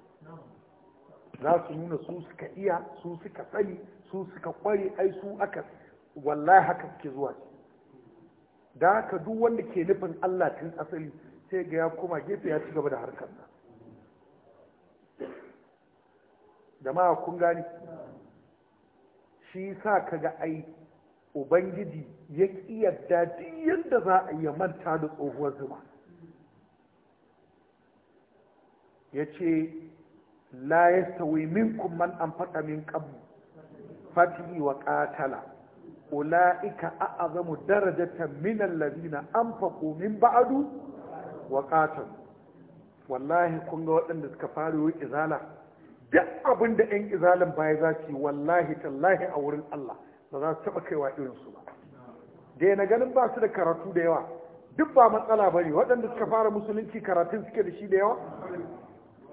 za su nuna su suka iya su suka tsani su suka kware ai su aka wallahi haka suke zuwa da haka duk wanda ke nufin Allah tun asali sai ga ya koma gefe ya ci gaba da harkar nan jama'a kun gani shi sa ka ga ai ubangiji ya ƙi yadda duk yadda za a yi manta da tsohuwar zuma ya ce la ya sauyi minkum man an faɗa min ƙabu fatihi wa ƙatala ula'ika a'azamu darajatan min an anfaqu min ba'adu Waƙatan, wallahi kun ga waɗanda suka fara yi izala duk abin da ɗan baya za su yi wallahi tallahi a wurin Allah ba za su taɓa kaiwa irinsu ba da na ganin ba su da karatu da yawa duk ba matsala ba ne waɗanda suka fara musulunci karatun suke da shi da yawa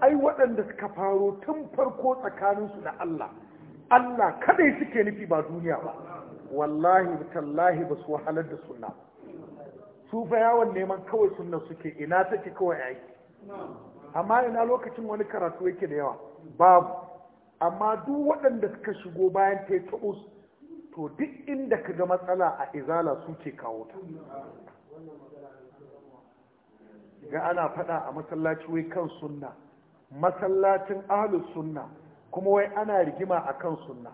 ai waɗanda suka faro tun farko tsakaninsu da Allah Allah kaɗai suke nufi ba duniya ba wallahi tallahi ba su wahalar da sunna ba su fa yawon neman kawai sunna suke ina take kawai ai amma ina lokacin wani karatu yake da yawa babu amma duk waɗanda suka shigo bayan ta yi to duk inda ka ga matsala a izala suke kawo ta ga ana faɗa a masallaci wai kan sunna masallacin ahlus sunna kuma wai ana rigima a kan sunna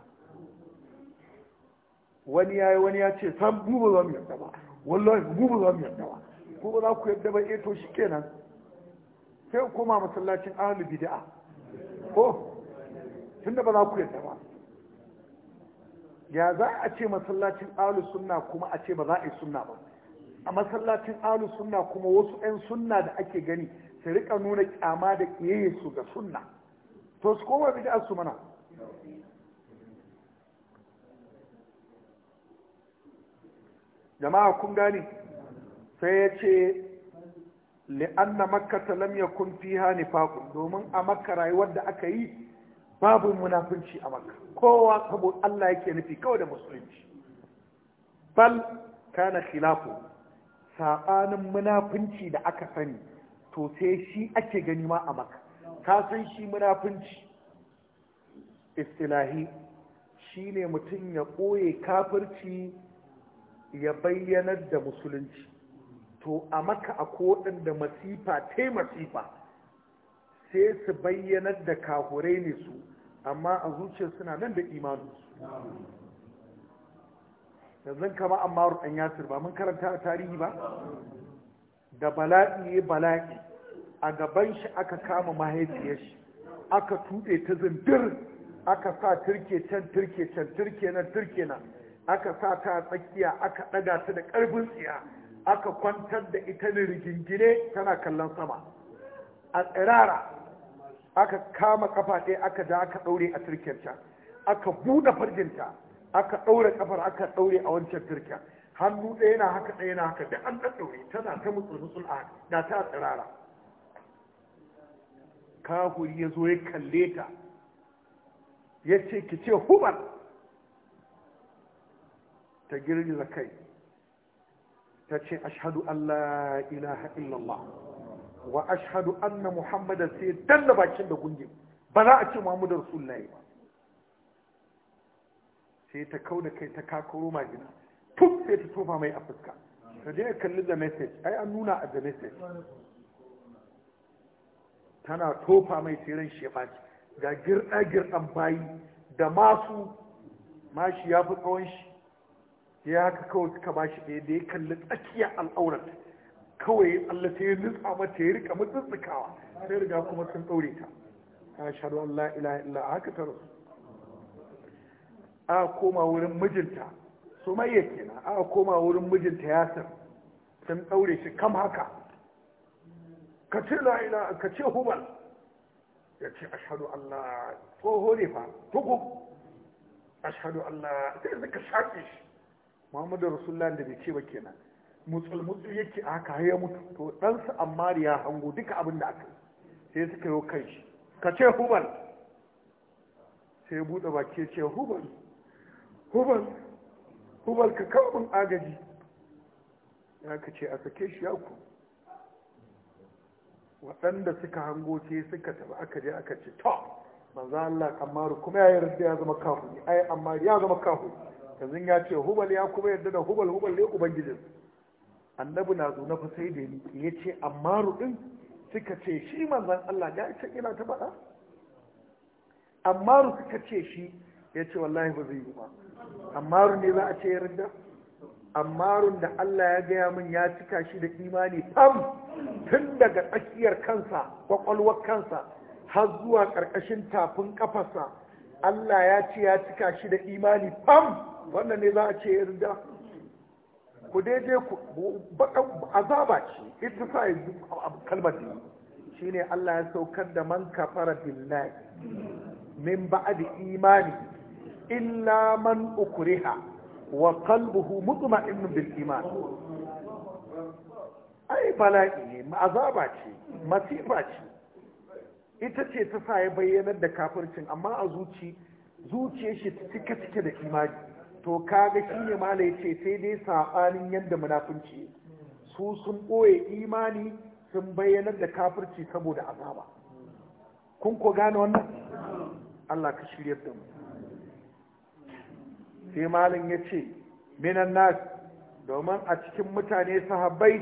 wani ya yi wani ya ce san buba zan yadda ba wallo mu ba za mu yadda ba ko ba za ku yadda ba eh to shikenan sai kuma masallacin ahlul bid'a ko tunda ba za ku yadda ba ya za a ce masallacin ahlus sunna kuma a ce ba za a yi sunna ba a masallacin ahlus sunna kuma wasu ɗan sunna da ake gani su rika nuna kyama da kiyaye su ga sunna to su koma bid'a su mana jama'a kun gani sai ya ce li'anna makkata lam yakun fiha nifaqun domin a makka rayuwar da aka yi babu munafunci a makka kowa saboda Allah yake nufi kawai da musulunci bal kana khilafu sabanin munafunci da aka sani to sai shi ake gani ma a makka ka san shi munafunci istilahi shine mutum ya koye kafirci ya bayyanar da musulunci to a maka a kodin da masifa te masifa sai su bayyanar da kahurai ne su amma a zuciya suna nan da Da yanzu kama ammaru ɗan yasir ba mun karanta a tarihi ba da bala'i ya bala'i a gaban shi aka kama mahaifiyar shi aka tuɗe ta zindir aka sa turke can turke can turke na, turke na. aka sa ta tsakiya aka ɗaga ta da ƙarfin tsiya aka kwantar da ita ne rigingine tana kallon sama a tsirara aka kama kafa ɗaya aka da aka ɗaure a turkiyarta aka buɗe farjinta aka ɗaure kafar aka ɗaure a wancan turkiya hannu ɗaya na haka ɗaya na haka da an ɗan ɗaure tana ta mutsu a da ta tsirara kahuri ya zo ya kalle ta ya ce ki ce hubar ta girgiza kai ta ce ashadu Allah ilaha illallah wa ashadu anna muhammadan sai danna bakin da gungi ba za a ce muhammadu rasulullahi ba sai ta kau da kai ta kakaro majina tun sai ta tofa mai a fuska ta je kalli da message ai an nuna a da message tana tofa mai tseren shefaci ga girɗa-girɗan bayi da masu mashi ya fi tsawon shi ya haka kawai suka ba shi ɗaya da ya kalli tsakiya al'aurat kawai Allah tsallata ya nutsa mata ya rika mutsutsukawa sai riga kuma sun ɗaure ta ta shaɗu Allah ilaha illa a haka ta rasu a koma wurin mijinta su mai kenan a koma wurin mijinta ya san. sun ɗaure shi kam haka ka ce la ilaha ka ce hubal ya ce ashhadu Allah tsoho ne fa tukum ashhadu Allah sai suka shaƙe shi muhammadu rasulullah da bai ce ba kenan mutsulmutsu yake a haka ya mutu to ɗansa ammar ya hango duka abin da aka sai suka yi kai shi ka ce hubal sai ya buɗe baki ya ce hubal hubal hubal ka kawo agaji ya ka ce a sake shi ya ku waɗanda suka hango ce suka taɓa aka je aka ce to manzo Allah kamar kuma ya yarda ya zama kafiri ai amma ya zama kafiri yanzu ya ce hubal ya kuma yadda da hubal hubal ne ubangijin annabi na zo na fa sai da ni ya ce amma rudin suka ce shi manzan Allah ya ce ina ta faɗa amma suka ce shi ya ce wallahi ba zai yi ba amma ne za a ce ya rinda amma da Allah ya gaya min ya cika shi da imani tam tun daga tsakiyar kansa kwakwalwar kansa har zuwa ƙarƙashin tafin kafarsa Allah ya ce ya cika shi da imani fam? wannan ne za a ce ya ku daidai ku azaba ce ita sa yi kalmar shi ne Allah ya saukar da man kafara billahi min da imani illa man ukuriha wa mutuma in bil imani ai bala'i ne azaba ce masifa ce ita ce ta sa ya bayyanar da kafircin amma a zuci zuciyar shi cike cike da imani to kaga shine mala yace sai dai sabanin yadda munafunci su sun ɓoye imani sun bayyanar da kafirci saboda azaba kun ko gane wannan Allah ka shirye da mu sai malin yace minan nas domin a cikin mutane sahabbai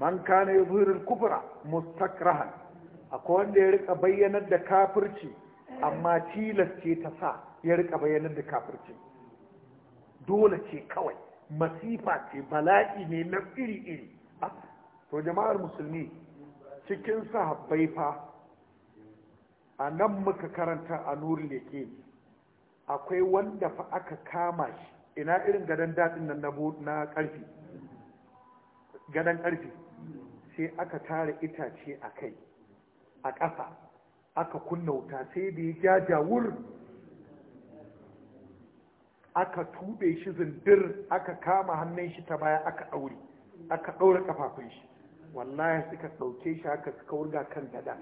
man kana yuzhirul kufra mustakrahan akwai wanda ya rika bayyanar da kafirci amma tilas ce ta sa ya rika bayyanar da kafirci dole ce kawai masifa ce bala'i ne na iri-iri ah, to jama'ar musulmi cikin sahabbai fa a nan muka karanta a nurin ke akwai wanda fa aka kama shi ina irin gadon daɗin nan na ƙarfi gadon ƙarfi sai aka tara itace a kai a ƙasa aka kunna wuta sai da ya jaja aka tube shi zindir aka kama hannun shi ta baya aka ɗaure aka ɗaure kafafun shi wallahi suka ɗauke shi haka suka wurga kan gada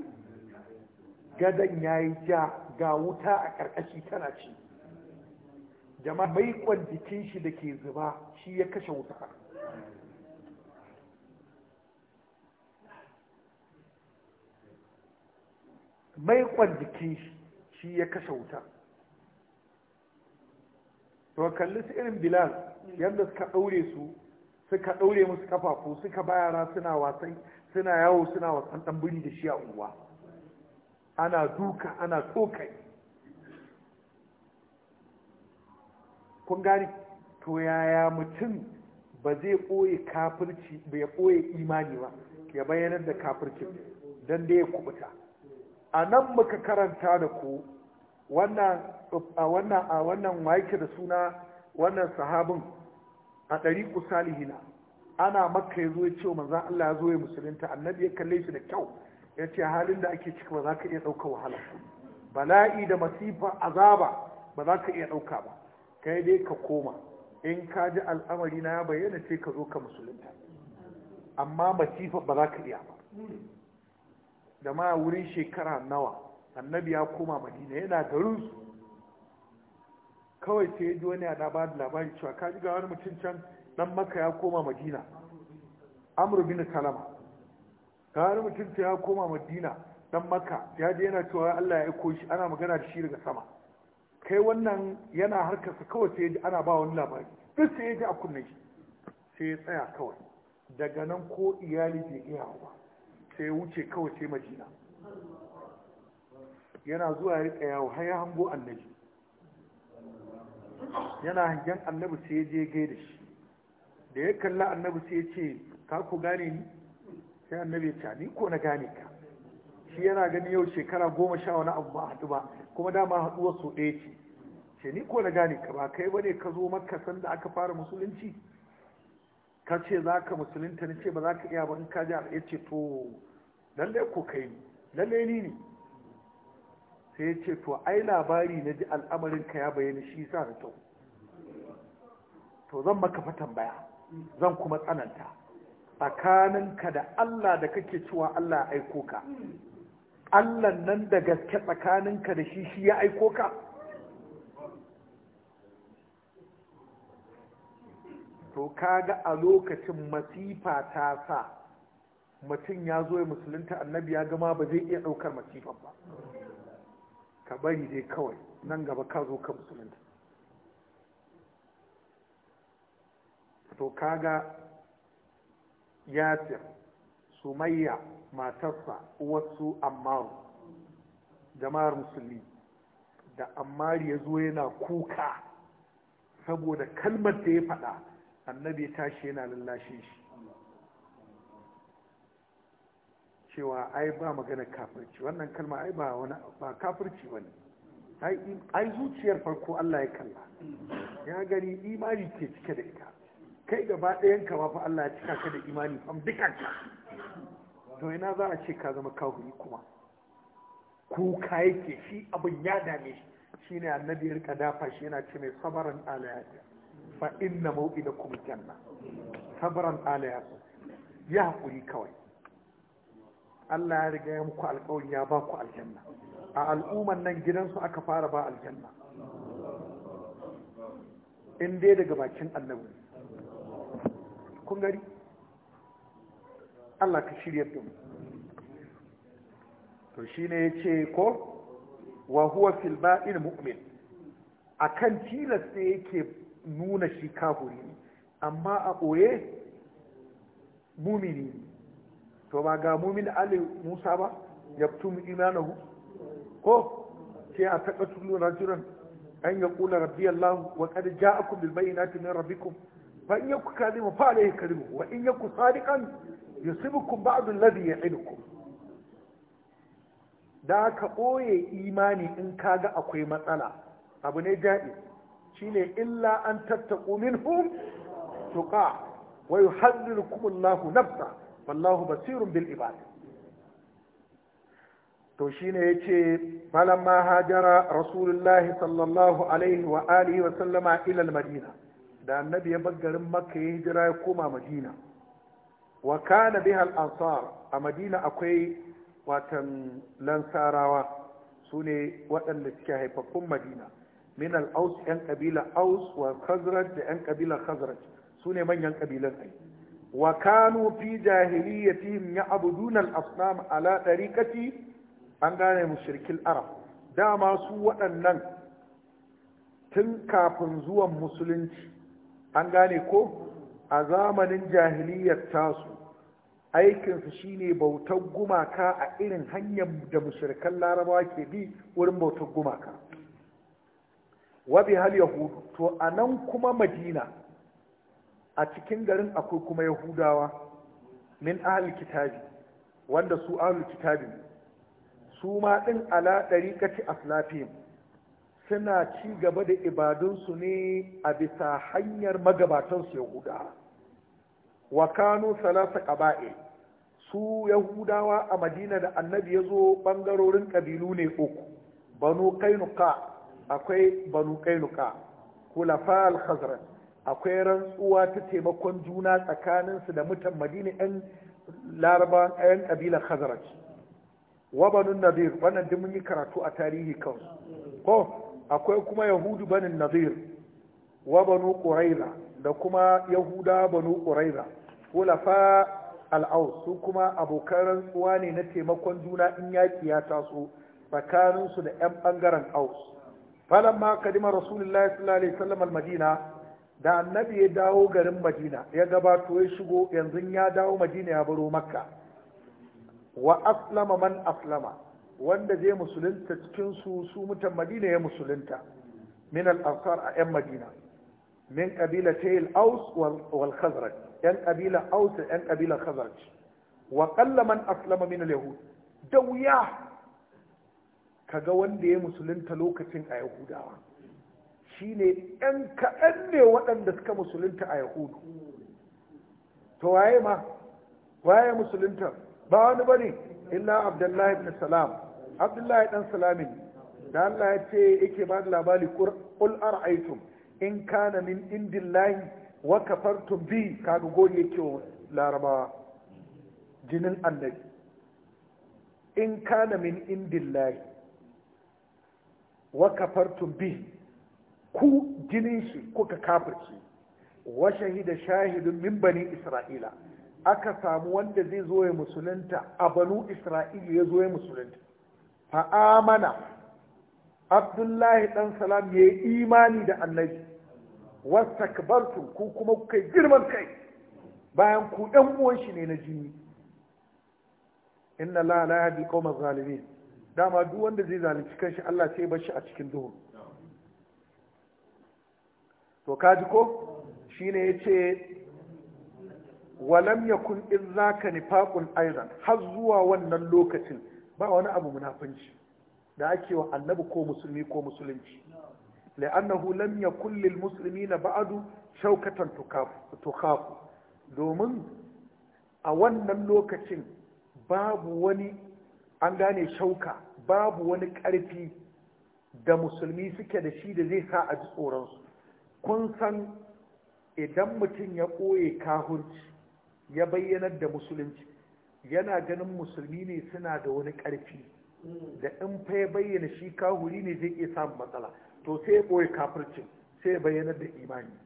gadan ya yi ja ga wuta a ƙarƙashi tana ci jama'a jikin shi da ke zuba shi ya kashe wuta jikin shi shi ya kashe wuta to kalli su irin bilal yadda suka ɗaure su suka ɗaure musu kafafu suka ba yara suna wasan suna yawo suna wasan ɗan biri da shi a unguwa ana duka ana tokai kun gani to yaya mutum ba zai ɓoye kafirci ba ya ɓoye imani ba ya bayanar da kafirci don da ya kubuta a nan muka karanta da ku wannan a wannan a da suna wannan sahabin a ɗari salihina ana maka ya zo ya ce manzan Allah ya zo ya musulunta annabi ya kalle shi da kyau ya ce halin da ake ciki ba za ka iya ɗauka wahala bala'i da masifa azaba ba za ka iya ɗauka ba kai dai ka koma in ka ji al'amari na ya bayyana ce ka zo ka musulunta amma masifa ba za ka iya ba da ma wurin shekara nawa annabi ya koma madina yana garin su kawai sai ya ji wani ya ba da labari cewa ka ga wani mutum can dan maka ya koma madina amru bin salama ga wani mutum ya koma madina dan maka ya je yana cewa Allah ya aiko shi ana magana da shi daga sama kai wannan yana harkarsa kawai sai ya ana ba wani labari duk sai ya ji a kunne shi sai ya tsaya kawai daga nan ko iyali bai iya ba sai ya wuce kawai sai madina yana zuwa ya riƙa yawo har ya hango annabi yana hangen annabi sai ya je gai da shi da ya kalla annabi sai ya ce ka ku gane ni sai annabi ya ce ni ko na gane ka shi yana gani yau shekara goma sha wani abu ba haɗu ba kuma dama haɗuwa su ɗaya ce ce ni ko na gane ka ba kai bane ka zo maka sanda aka fara musulunci ka ce za ka musulunta ni ce ba za ka iya ba in ka ji ya ce to lallai ko kai lallai ni ne sai ya ce to ai labari na ji al'amarin ka ya bayyana shi sa da to to zan maka fatan baya zan kuma tsananta tsakaninka da Allah da kake cewa Allah ya aiko ka Allah nan da gaske tsakaninka da shi shi ya aiko ka to kaga a lokacin masifa ta sa mutum ya zo ya musulunta annabi ya gama ba zai iya ɗaukar masifan ba ka bari dai kawai nan gaba ka zo ka musulunta to kaga yasir sumayya matarsa uwarsu ammaru jama'ar musulmi da ammari ya zo yana kuka saboda kalmar da ya faɗa annabi tashi yana lallashin shi cewa ai ba magana kafirci wannan kalma ai ba wani ba kafirci bane ai zuciyar farko Allah ya kalla ya gani imani ke cike da ita kai gaba ɗayan ka fa Allah ya cika ka da imani fam duka to ina za a ce ka zama kafiri kuma kuka yake shi abin ya dame shi shine annabi ya rika dafa shi yana ce mai sabaran alayati fa inna mawqidakum janna sabaran alayati ya hakuri kawai Allah ya riga ya muku alƙawarin ya ba ku aljanna a al'umman nan gidansu aka fara ba aljanna in dai daga bakin annabi kun gari Allah ka shirya da mu to shine yace ko wa huwa fil ba'il mu'min akan tilas ne yake nuna shi kafuri amma a ɓoye mumini ne to ba ga mumin ali musa ba ya yabtum imanahu ko sai a taqatulu rajulan an yaqula rabbi allah wa qad ja'akum bil bayyinati min rabbikum fa in yakun kadhiba fa alayhi kadhibu wa in yakun sadiqan yusibukum ba'd alladhi ya'idukum da ka ɓoye imani in kaga akwai matsala abu ne daɗi shine illa an tattaku minhum tuqa wa yuhaddirukum Allahu nafsa wallahu basirun bil ibad to shine yace falamma hajara rasulullahi sallallahu alaihi wa alihi wa sallama ila madina da annabi ya bar makka ya hijira ya koma madina wa kana biha al-ansar a madina akwai watan lansarawa ne waɗanda suke haifaffun madina min al-aus yan kabila aus wa khazraj da yan kabila khazraj sune manyan kabilan ai wa kanu fi ya ya'buduna al-asnam ala tariqati an gane mushrikil arab dama su waɗannan tun kafin zuwan musulunci an gane ko a zamanin jahiliyyar tasu aikinsu shine bautar gumaka a irin hanyar da mushrikan larabawa ke bi wurin bautar gumaka wabi hal yahudu to a nan kuma madina a cikin garin akwai kuma yahudawa min kitabi wanda su ahal kitabi su ma ɗin ala ɗariƙaci aslafihim suna ci gaba da ibadunsu ne a bisa hanyar magabatansu yahudawa wa kanu salasa ƙaba'i su yahudawa a madina da annabi ya zo ɓangarorin ƙabilu ne uku banu kainuka akwai banu kainuka kulafa al-khazraj akwai rantsuwa ta taimakon juna tsakaninsu da mutan madina yan laraba yan kabilar khazaraj wa banu nadir wannan duk mun yi karatu a tarihi kansu ko akwai kuma yahudu banin nadir wa banu da kuma yahuda banu quraiza hulafa al'au su kuma abokan rantsuwa ne na taimakon juna in yaƙi ya taso tsakaninsu da 'yan ɓangaren aus falamma kadima rasulullahi sallallahu alaihi wasallam al-madina da annabi ya dawo garin madina ya gabato ya shigo yanzu ya dawo madina ya baro makka wa aslama man aslama wanda zai musulunta cikin su su mutan madina ya musulunta min al-ansar a yan madina min kabila tayil aus wal khazraj yan kabila aus yan kabila khazraj wa qalla man aslama min al-yahud da wuya kaga wanda ya musulunta lokacin a yahudawa shine ɗan kaɗan ne waɗanda suka musulunta a yahudu to waye ma waye musulunta ba wani bane illa abdullahi ibn salam abdullahi dan salamin da Allah ya ce yake ba da labari qul ara'aytum in kana min indillahi wa kafartum bi Ka gori yake wa larabawa jinin annabi in kana min indillahi wa kafartum bi ku jinin shi kuka kafirci wa shahida shahidun min bani isra'ila aka samu wanda zai zo ya musulunta a banu isra'ila ya zo ya musulunta fa amana abdullahi dan salam ya yi imani da annabi wastakbartum ku kuma kuka girman kai bayan ku ɗan uwan shi ne na jini inna la la yahdi qawma zalimin dama duk wanda zai zalunci kanshi Allah sai bar shi a cikin duhu to kaji ko shine yace walam yakun in zaka nifaqun aidan har zuwa wannan lokacin ba wani abu munafinci da ake wa annabi ko musulmi ko musulunci la'annahu lam yakun lil muslimina ba'du shaukatan tukafu domin a wannan lokacin babu wani an gane shauka babu wani karfi da musulmi suke da shi da zai sa a ji tsoronsu kun san idan mutum ya ɓoye kahunci, ya bayyanar da musulunci yana ganin musulmi ne suna da wani ƙarfi da in fa ya bayyana shi kahuri ne zai iya samun matsala to sai ya ɓoye kafircin sai ya bayyanar da imani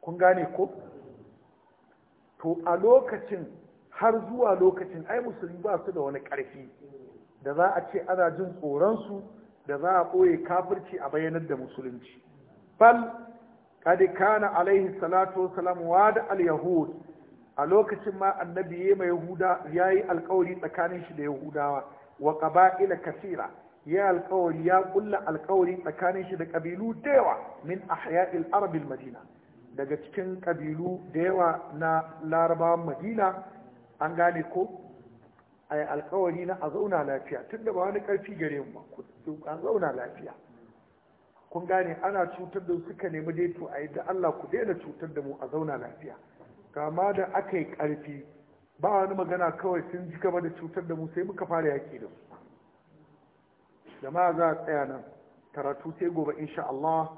kun gane ko to a lokacin har zuwa lokacin ai musulmi ba su da wani ƙarfi da za a ce ana jin tsoronsu da za a ɓoye kafirci a bayyanar da musulunci bal kadi kana alaihi salatu wassalam wada al yahud a lokacin ma annabi ya mai yahuda yayi alƙawari tsakanin shi da yahudawa wa qaba'ila kasira ya alƙawari ya kulla alkawari tsakanin shi da kabilu ta yawa min ahya'il arabil madina daga cikin kabilu da yawa na larabawan madina an gane ko a yi alkawari na a zauna lafiya tunda ba wani karfi gare mu an zauna lafiya kun gane ana cutar da suka nemi daito a yi da Allah ku daina cutar da mu a zauna lafiya kama da aka yi ƙarfi ba wani magana kawai sun ji gaba da cutar da mu sai muka fara yaƙi da su jama'a za a tsaya nan karatu sai gobe insha Allah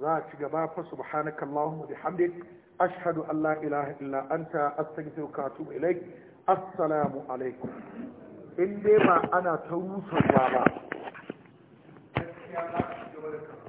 za a ci gaba fa subhanaka Allahumma bihamdik ashhadu an la ilaha illa anta astaghfiruka wa atubu ilaik assalamu alaikum in dai ba ana ta rusa ba gaskiya za a ci gaba da